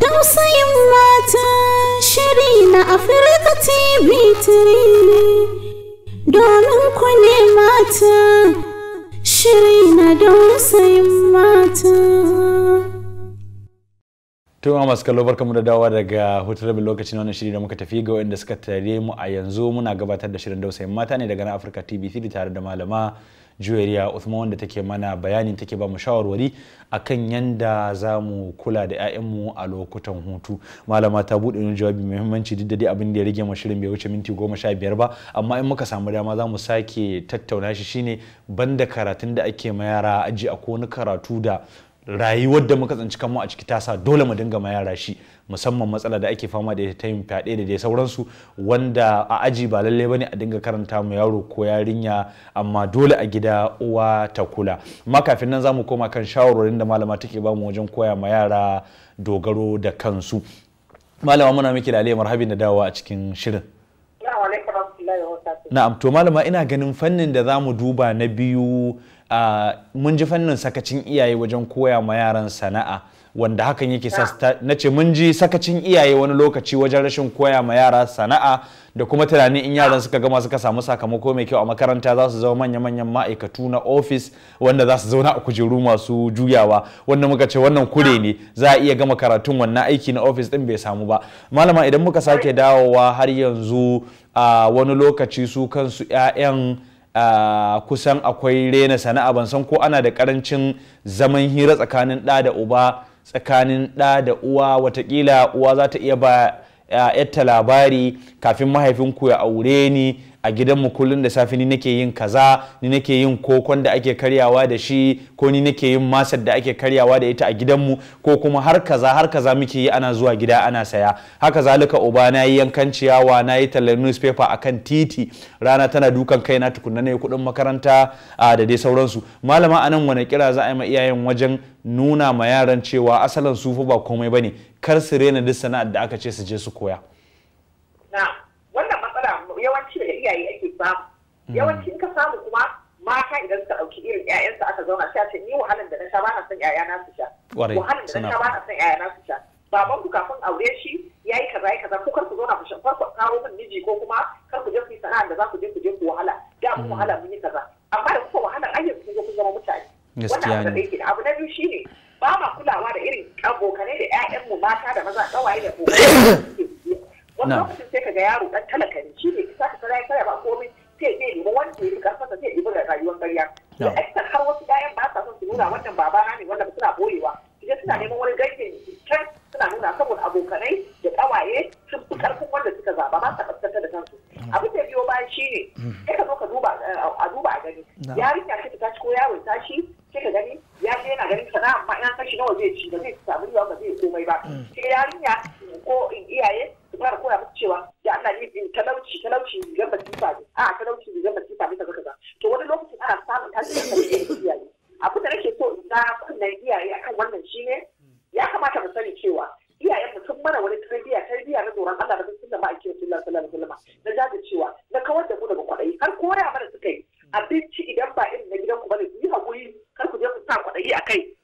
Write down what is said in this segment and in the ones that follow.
Tausayin mata shiri na Afirka TV tiri ne, domin ku ne mata, shiri na dausayin mata. Tuma masu kallo barkamu da dawa daga hutu rabin lokacin wannan shiri da muka tafi ga wanda suka tare mu a yanzu muna gabatar da shirin dausayin mata ne daga na Afirka tv da tare da malama Juweriya Uthman wanda take mana bayanin take ba mu shawarwari akan yanda za mu kula da 'ya'yanmu a lokutan hutu. Malama ta buɗe wani jawabi muhimmanci duk da dai abin da ya rage shirin bai wuce minti goma sha biyar ba amma in muka samu dama za mu sake tattauna shi shine banda karatun da ake ma yara aji a wani karatu da rayuwar da muka tsanci kanmu a ciki sa dole mu dinga ma yara shi musamman matsala da ake fama da ta yin fyaɗe da dai sauransu wanda a aji ba lalle ne a dinga karanta mu yaro ko yarinya amma dole a gida uwa ta kula amma kafin nan zamu koma kan shawarwarin da malama take ba mu wajen koya ma yara dogaro da kansu malama muna miki da marhabin da dawowa a cikin shirin na'am to malama ina ganin fannin da zamu duba na biyu mun ji fannin sakacin iyaye wajen koya ma yaran sana'a wanda hakan yake sa na ce mun ji sakacin iyaye wani lokaci wajen rashin koya ma yara sana'a da kuma tunani in yaran suka gama suka samu sakamako mai kyau a makaranta za su zama manya-manyan ma'aikatu na ofis wanda za su zauna a kujeru masu juyawa wanda muka ce wannan kure ne za a iya gama karatun wannan aiki na ofis din bai samu ba malama idan muka sake dawowa har yanzu a wani lokaci su kansu 'ya'yan kusan akwai rena sana'a ban san ko ana da karancin zaman hira tsakanin ɗa da uba tsakanin ɗa da uwa watakila uwa za ta iya ba yatta labari kafin mahaifinku ya aure ni a gidanmu kullum da safe ni nake yin kaza ni nake yin kokon da ake karyawa da shi ko ni nake yin masar da ake karyawa da ita a gidanmu ko kuma har kaza har kaza muke yi ana zuwa gida ana saya haka zalika uba na yi yankan ciyawa na yi tallar newspaper akan titi rana tana dukan kai na tukunna ne kuɗin makaranta da dai sauransu malama anan wani kira za a yi ma iyayen wajen nuna ma yaran cewa asalin su ba komai bane kar su rena duk sana'ar da aka ce su je su koya. yawanci da iyaye ake samu mm. yawancin ka samu kuma mata idan suka ɗauki irin 'ya'yansu aka zauna sai ce ni wahalan da na sha ba na son 'ya'yana su sha wahalan da na sha ba na su sha baban ku kafin aure shi yayi yi kaza yayi kaza ko kar ku zauna ku shafar farko kawo min miji ko kuma kar ku je ku yi sana'ar da za ku je ku je ku wahala da mu mm. wahala mun yi kaza amma da kuka wahalan ayyuka sun zo kun zama mutane wannan abu da yake abu na biyu shine ba ma kulawa da irin abokanai da ƴaƴan mu mata da maza kawai da wani lokacin sai ka ga yaro dan talaka ne shi ne kisa kaza ya karya ba komai sai zai nemi wanda ya fi sai zai rayuwar ƙarya. Da har wasu ɗayan ba sa son su nuna wannan babana ne wanda suna boyewa. Idan suna neman wani ganyen can suna nuna saboda abokanai da kawaye sun fi ƙarfin wanda suka zaba ba sa ƙasƙantar da kansu. Abin da biyo bayan shi ne sai ka zo ka duba a duba a gani. Yarinya ta tashi ko yaro tashi sai ka gani ya je yana ganin sana'a amma ina kashi nawa zai ci ba zai samu yawa ba zai komai ba. Sai yarinya cewa na kawar da ku daga kwaɗayi har koya mana suka yi abinci idan ba irin na gidan ku bane ku yi haƙuri kar ku je ku sa kwaɗayi a kai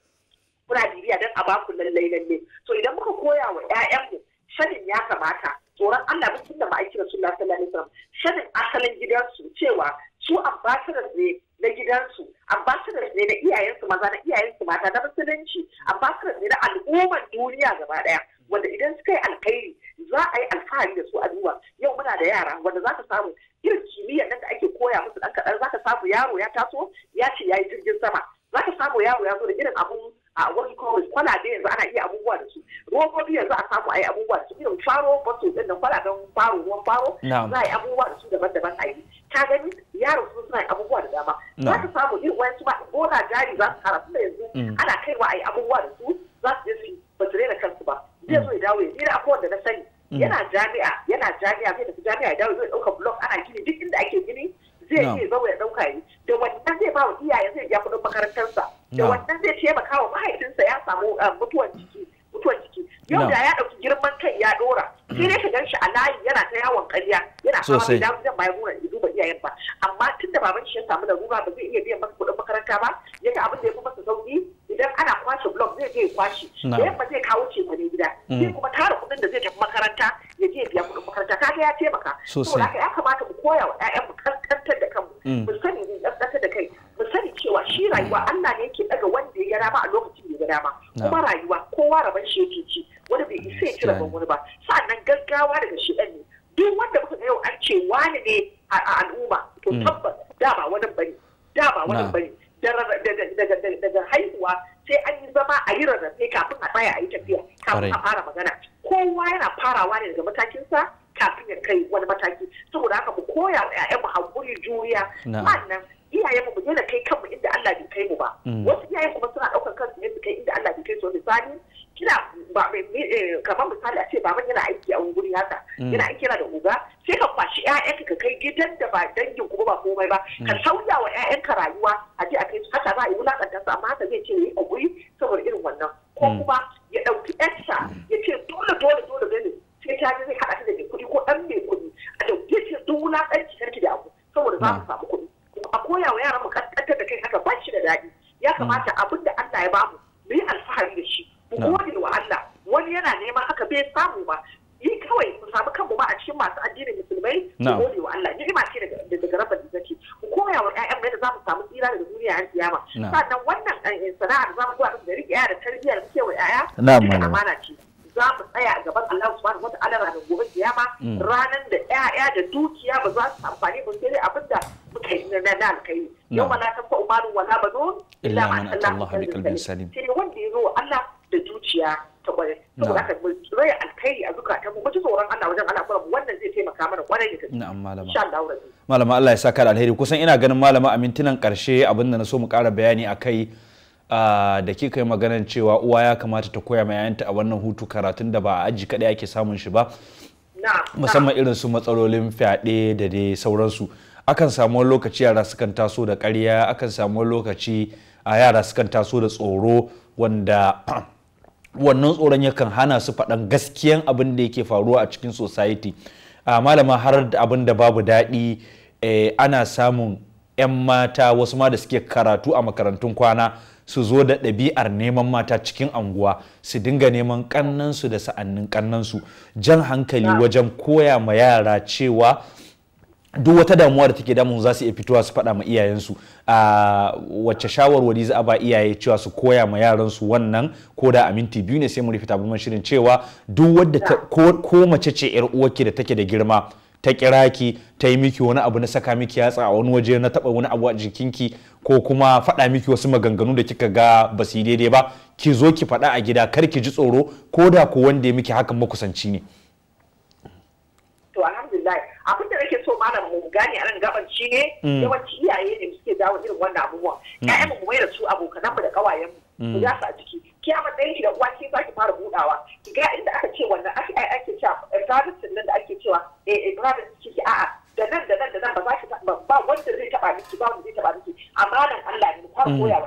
kuna bibiya don a baku lallai lalle to idan muka koya wa 'ya'yanmu shanin ya kamata tsoron Allah mun tunda aiki Rasulullah sallallahu alaihi wasallam Shanin asalin gidansu cewa su ambassadors ne na gidansu ambassadors ne na iyayensu maza na iyayensu mata na musulunci ambassadors ne na al'ummar duniya gaba daya wanda idan suka yi alkhairi za a yi alfahari da su a duba yau muna da yara wanda za ka samu irin kimiyya nan da ake koya musu ɗan kaɗan za ka samu yaro ya taso ya ce ya yi jirgin sama za ka samu yaro ya zo da irin abun a wani kawai kwalabe yanzu ana iya abubuwa da su robobi yanzu a samu a yi abubuwa da su irin faro bato ɗin nan kwalaben faro ruwan faro za a yi abubuwa da su daban-daban a yi ka gani yaro su suna abubuwa da dama za ka samu irin wani su ba gona jari za su tara da yanzu mm. ana kaiwa a yi abubuwa da su za su je su ba su rena kansu ba zai mm. zo ya dawo ya tsira a da na sani Mm. yana jami'a yana jami'a zai tafi jami'a idan zai dauka blok ana gini duk inda ake gini zai iya zama ya dauka yi da wannan zai ba wa iyaye zai ya kudin makarantarsa da wannan zai taimaka wa mahaifinsa ya samu ah, mutuwan jiki mutuwan jiki yau da ya dauki girman kai ya dora sai dai ka shi a layi yana ta yawon ƙarya yana fama da damu zan bayan ruwan ido ba iyayen ba amma tun da baban shi ya samu larura ba zai iya biyan masa kudin makaranta ba yaga abin da ya fi masa sauki idan ana kwashe blog zai je ya kwashe da yamma zai kawo ce gida mm. zai kuma tara zai tafi makaranta ya je biya kuɗin makaranta kaga ya taimaka sosai haka ya kamata mu koya wa ƴaƴan mu kankantar da kanmu mm. mu sani mu kankantar da kai mu sani cewa shi rayuwa mm. Allah ne yake daga wanda ya rama a lokacin da ya dama kuma rayuwa kowa raban shi yake ci wani bai isa ya ci raban wani ba sa'annan gaggawa daga shi ɗan ne duk wanda muka ga yau an ce wani ne a al'umma to mm. tabbas da ba wani bane da ba wani bane daga haihuwa sai an yi zama a yi rarrafe kafin a tsaya a yi tafiya kafin a fara magana kowa yana farawa ne daga matakinsa kafin ya kai wani mataki saboda haka mu koya wa 'ya'yan mu hakuri juriya wannan iyayen mu na kai kanmu inda Allah bai kai mu ba mm. wasu iyayen kuma suna ɗaukar kansu ne su kai inda Allah bai kai su misali kina ba eh, kamar misali a ce baban yana aiki a wuri haka mm. yana aiki yana da uga sai ka kwashi ƴaƴan ka kai gidan da ba dangin kuma ba komai ba ka mm. sauya wa ka rayuwa a je a kai su haka za a yi wulakanta su amma haka zai ce yi a guri saboda irin wannan ko kuma ya ɗauki extra ya ce dole dole dole bane sai ta ji zai haɗa ta da mai kuɗi ko ɗan mai kuɗi a ɗauke ce duk wulaƙanci karki da abu saboda za mu samu kuɗi a koya wa yaran mu ƙasƙantar da kai haka ba shi da daɗi ya kamata abin da Allah ya bamu mu yi alfahari da shi mu gode wa Allah wani yana neman haka bai samu ba kawai mu samu kanmu ba a cikin masu addinin musulmai mu gode wa Allah ni'ima ce daga da izzati ku koya wa ƴaƴan yadda za mu samu tsira daga duniya har kiyama sannan wannan eh, sana'ar za mu zuwa da riƙe da tarbiyya da kewa ƴaƴa na amana ce za mu tsaya a gaban Allah subhanahu wa ta'ala ranar gobe kiyama mm. ranan da ƴaƴa da dukiya ba za su amfani ba sai dai abin da muka yi na nan kai yau ma na san ko umaru wala banun illa ma Allah bi kalbin salim sai wanda ya zo Allah da dukiya ta kwarai saboda haka zai alkhairi a zukatan mu ji tsoron Allah wajen al'amuran mu wannan zai taimaka mana kwarai da gaske na'am malama insha Allah malama Allah ya saka da alheri kusan ina ganin malama a mintunan karshe abinda na so mu ƙara bayani akai da kika yi maganar cewa uwa ya kamata ta koya ma yayanta a wannan hutu karatun da ba a aji kaɗai ake samun shi ba musamman irin su matsalolin fyaɗe da dai sauransu akan samu lokaci yara sukan taso da ƙarya akan samu lokaci a yara sukan taso da tsoro wanda wannan tsoron yakan hana su faɗan gaskiyan abin da yake faruwa a cikin society a ah, malama har da abin da babu daɗi eh, ana samun 'yan mata wasu ma da suke karatu a makarantun kwana su zo da ɗabi'ar neman mata cikin anguwa su dinga neman kannansu da sa'annin kannansu jan hankali wajen koya ma yara cewa duk wata damuwa da take damun za su iya fitowa su faɗa ma iyayensu a wacce shawarwari za a ba iyaye cewa su koya ma yaransu wannan ko da a minti biyu ne sai mu rufe tabarman shirin cewa duk wadda ko mace ce yar uwarki da take da girma ta kira ki ta yi miki wani abu na saka miki yatsa a wani waje na taba wani abu a jikinki ko kuma faɗa miki wasu maganganu da kika ga ba su daidai ba ki zo ki faɗa a gida kar ki ji tsoro ko da ko wanda ya miki hakan makusanci ne abin da nake so malam mu gane a nan gaban shi ne mm. yawanci iyaye ne suke dawo irin wannan abubuwan mm. ƴaƴan mu mai da su abokanan mu da kawayen mu mu za mm. su a ciki ki a matsayin ki da uwa ki za fara budawa ki ga inda aka ce wannan ake ake cewa eh, private nan da ake cewa eh ki eh, ki a'a da nan da nan da nan ba za ki ba wanda zai taba miki ba wanda zai taba miki nan Allah ne ka koya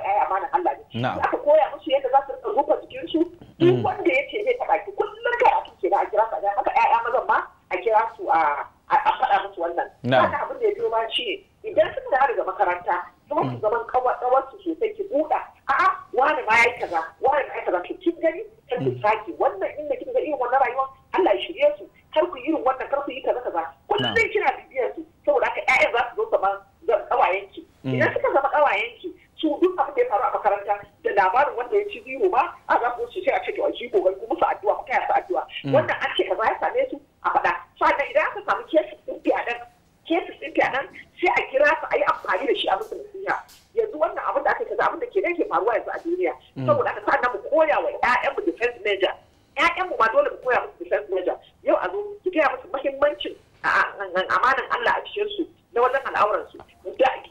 Na abin da ya biyo ba shi ne idan suka dawo daga makaranta kuma su zaman kawarsu sosai ki buɗa a'a wani ma ya kaza wani ma ya kaza to kin gani kar ku mm. saki wannan inda kin ga irin wannan rayuwar Allah ya shirye su kar ku irin wannan kar ku yi kaza kaza kullum kina bibiyar su saboda haka ƴaƴan za su zo zama ƙawayenki mm. idan suka zama ƙawayenki su duk abin da ya faru a makaranta da labarin wanda ya ci zero ma a za ku sai a ce to a ji gobe ku musu addu'a ku kaya addu'a mm. wannan an ce kaza ya same su a faɗa sannan idan aka samu kesi ɗin a kesis ɗin kenan sai a kira su a yi amfani da shi a masu nasiha yanzu wannan abin da aka kaza abin da ke nan ke faruwa yanzu a duniya mm. saboda aka sa mu koya wa ƴaƴanmu defense major ƴaƴanmu ma dole mu koya musu defense major yau a zo ki gaya musu muhimmancin amanan Allah a cikin su na wajen al'auran su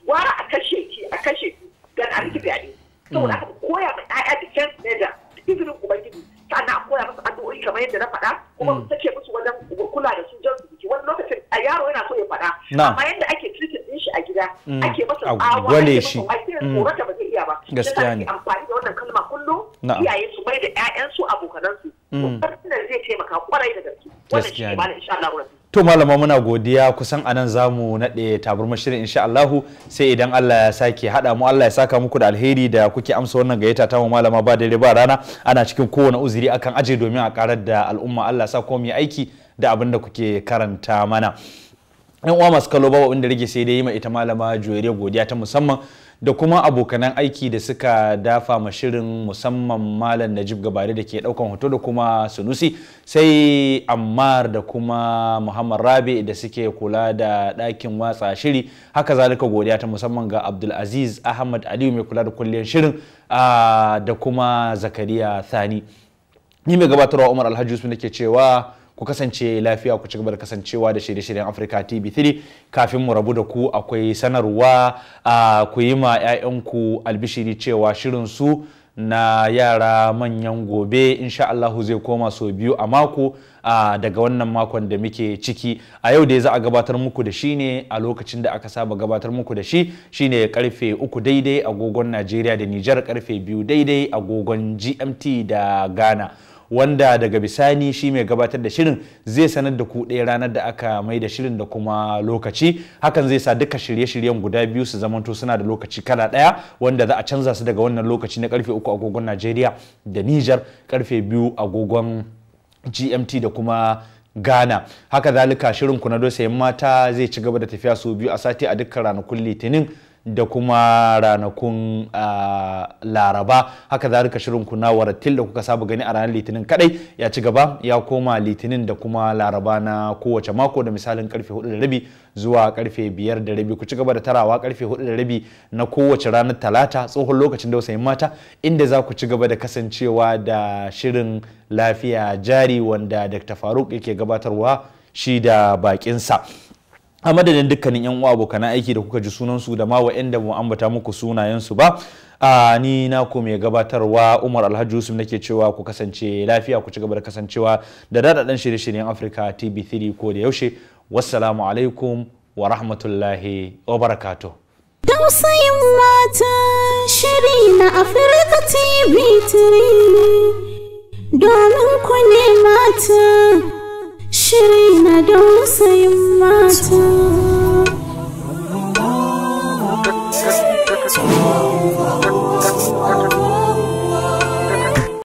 gwara a kashe ki a kashe ki dan a riki fyaɗe saboda aka koya ma ƴaƴa defense major izinin ubangiji sannan a koya musu addu'o'i kamar yadda na faɗa kuma amma yadda ake treating din shi a gida mm. ake masa ake masa mm. ba zai iya ba gaskiya ne amfani da wannan kalma kullum iyaye su mai da ƴaƴansu abokanansu wannan mm. zai taimaka kwarai da gaske wannan ne malam insha Allah rabbi To malama muna godiya kusan anan zamu naɗe taburma shirin insha Allahu sai idan Allah ya sake haɗa mu Allah ya saka muku da alheri da kuke amsa wannan gayyata ta malama ba dare ba rana ana cikin kowane uzuri akan aje domin a karar da al'umma Allah sa komai aiki da abin da kuke karanta mana. yan uwa masu kalo babu wanda rage sai dai yi ma ita malama joyariya godiya ta musamman da kuma abokanan aiki da suka dafa ma shirin musamman malam najib gabari da ke daukan hoto da kuma sunusi sai ammar da kuma muhammad rabi da suke kula da ɗakin watsa shiri haka zalika godiya ta musamman ga abdulaziz ahmad aliyu mai kula da kulliyar shirin da kuma zakariya thani ni mai gabatarwa umar alhaji da nake cewa ku kasance lafiya ku ci gaba da kasancewa da shirye-shiryen Africa TV 3 kafin mu rabu da ku akwai sanarwa ku yi ma 'ya'yanku albishiri cewa shirin su na yara manyan gobe insha Allah zai koma sau biyu a mako daga wannan makon da muke ciki a yau da za a gabatar muku da shi ne a lokacin da aka saba gabatar muku da shi shine karfe uku daidai agogon Najeriya da Nijar karfe biyu daidai agogon GMT da Ghana wanda daga bisani shi mai gabatar da shirin zai sanar da ku ɗaya ranar da aka mai da shirin da kuma lokaci hakan zai sa duka shirye-shiryen guda biyu su zamanto suna da lokaci kala ɗaya wanda za a canza su daga wannan lokaci na karfe uku agogon najeriya da Nijar karfe biyu agogon gmt da kuma Ghana. Haka zalika shirin kuna na dosa mata zai ci gaba da tafiya su biyu a sati a dukkan ranakun Litinin da kuma ranakun laraba haka za rika shirin kuna waratil da kuka saba gani a ranar litinin kadai ya ci gaba ya koma litinin da kuma laraba na kowace mako da misalin karfe 4 zuwa karfe 5 da ku ci gaba da tarawa karfe 4 da na kowace ranar talata tsohon lokacin da dausayin mata inda za ku ci gaba da kasancewa da shirin lafiya jari wanda dr faruk yake gabatarwa shi da bakinsa a madadin dukkanin yan uwa abokan aiki da kuka ji sunansu da ma wa'anda mu ambata muku sunayensu ba a ni na ku mai gabatarwa Umar Alhaji Yusuf nake cewa ku kasance lafiya ku ci gaba da kasancewa da dadadan shirye-shiryen Africa TV3 ko da yaushe wassalamu alaikum wa rahmatullahi wa barakatuh Tausayin mata shiri na Africa TV3 domin ku ne mata shiri na dausayin mata